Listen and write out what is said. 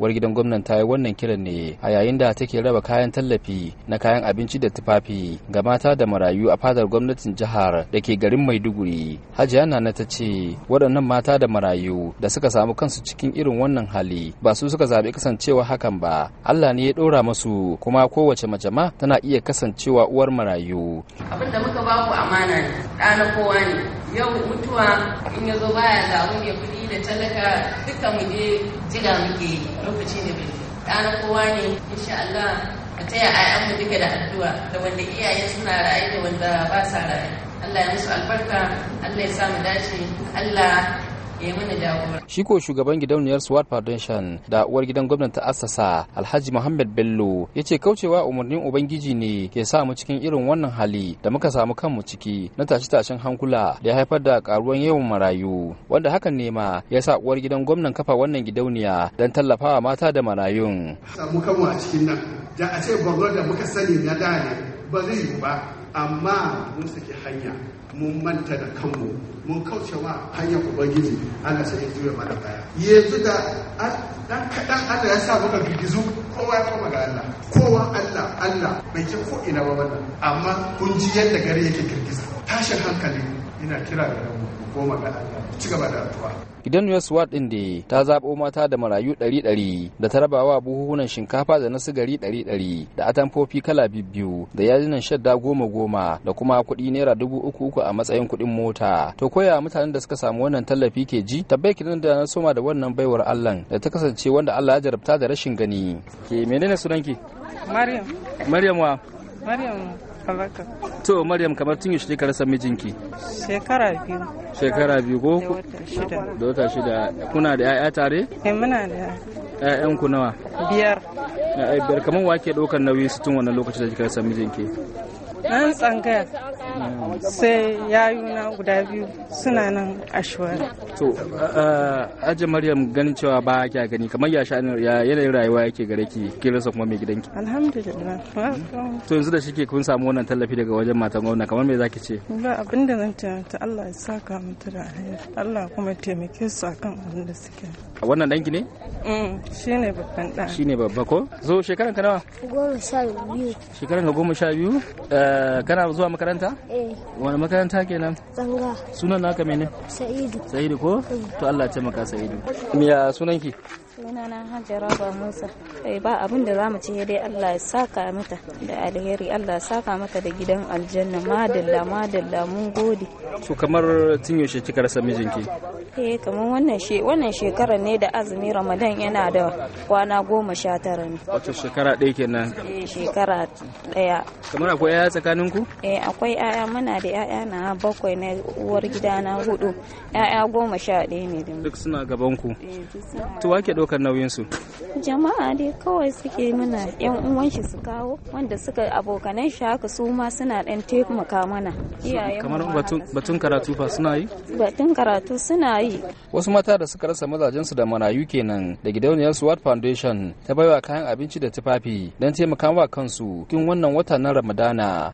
uwar gidan gwamnan ta yi wannan kiran ne a yayin da take raba kayan tallafi na kayan abinci da tufafi ga mata da marayu a fadar gwamnatin jihar da ke garin maiduguri hajiya nana ta ce waɗannan mata da marayu da suka samu kansu cikin irin wannan hali ba su suka zaɓi kasancewa hakan ba allah ne ya ɗora musu kuma kowace mace ma tana iya kasancewa uwar marayu abin da muka ba ku amana ne ɗana kowa ne yau mutuwa in ya zo baya zamu ya kudi da talaka duka mu je jira muke lokaci ne bai ɗana kowa ne insha Allah a taya ayan mu duka da addu'a da wanda iyaye suna ra'ayi da wanda ba sa ra'ayi Allah ya musu albarka Allah ya sa mu dace Allah shiko shugaban gidauniyar Swat Foundation da uwar gidan gwamnati ta assasa Alhaji Muhammad Bello ya ce kaucewa umarnin Ubangiji ne ke sa mu cikin irin wannan hali da muka samu kanmu ciki na tashi-tashin hankula da ya haifar da karuwan yawan marayu wanda hakan ne ma ya sa uwar gidan gwamnan kafa wannan gidauniya don tallafawa mata da marayun. Samu kanmu a cikin nan da a ce gwamnati da muka sani na da ne ba zai yi ba amma mun saki hanya mun manta da kanmu mun kauce kaucewa hanyar ubangiji Allah sai ya juya mana baya yanzu da dan kaɗan Allah ya sa muka girgizu kowa ya koma ga Allah kowa Allah Allah bai ce ko ina ba wannan amma kun ji yadda gari yake girgiza tashin hankali ina kira da mu goma ga Allah ci gaba da addu'a News din da ta zabo mata da marayu 100 da ta wa buhuhunan shinkafa da na sigari 100 da atamfofi kala biyu da yajinan shadda goma goma da kuma kuɗi naira dubu uku uku a matsayin kuɗin mota to koya mutanen da suka samu wannan tallafi ke ji tabbai kidan da na soma da wannan baiwar Allah da ta kasance wanda Allah ya jarabta da rashin gani ke menene sunanki Maryam Maryam wa Maryam Abaka. To Maryam kamar tun yaushe ka rasa mijinki? Shekara biyu. Shekara biyu ko? Da wata shida. Da wata shida. Kuna da 'ya'ya tare? Eh muna da. 'Ya'yanku nawa? Biyar. Biyar kamar wa ke ɗaukar nauyi su tun wannan lokacin da kika rasa mijinki? Nan tsangaya sai yayuna guda biyu suna nan a shuwara. To, Aji Maryam ganin cewa ba kya gani kamar ya yanayin rayuwa yake gare ki ki rasa kuma mai gidanki. Alhamdulillah. To yanzu da shike kun samu wannan tallafi daga wajen matan gwamna kamar me zaki ce? Ba abin da zan tunanta Allah ya saka mutu da alheri. Allah kuma taimake su akan abin da suke. Wannan danki ne? Mm, shi ne babban ɗa shi ne babba ko zo shekaran ka nawa goma sha biyu shekaran ka goma sha biyu eh, kana zuwa makaranta eh wani makaranta kenan tsanga sunan naka mene sa'idu sa'idu ko mm. to Allah ya taimaka sa'idu miya sunan ki sunana hajara ba musa kai eh, ba abin da zamu ce dai allah ya saka mata da alheri allah ya saka mata da gidan aljanna madalla madalla mun gode to kamar tun yaushe kika rasa mijinki eh kamar wannan she wannan shekara ne da azumi ramadan yana da kwana goma sha tara ne wato shekara ɗaya kenan eh shekara ɗaya kamar akwai yaya tsakanin ku eh akwai yaya muna da yaya na bakwai na uwar gidana na hudu yaya goma sha ɗaya ne duk suna gaban ku eh, to wake ɗaukar nauyinsu? Jama'a dai kawai suke mana 'yan uwan shi su kawo wanda suka abokanan shi haka su ma suna ɗan taimaka mana. Kamar batun karatu fa suna yi? Batun karatu suna yi. Wasu mata da suka rasa mazajensu da marayu kenan da gidauniyar Swat Foundation ta baiwa kayan abinci da tufafi don taimaka wa kansu cikin wannan watan na Ramadana.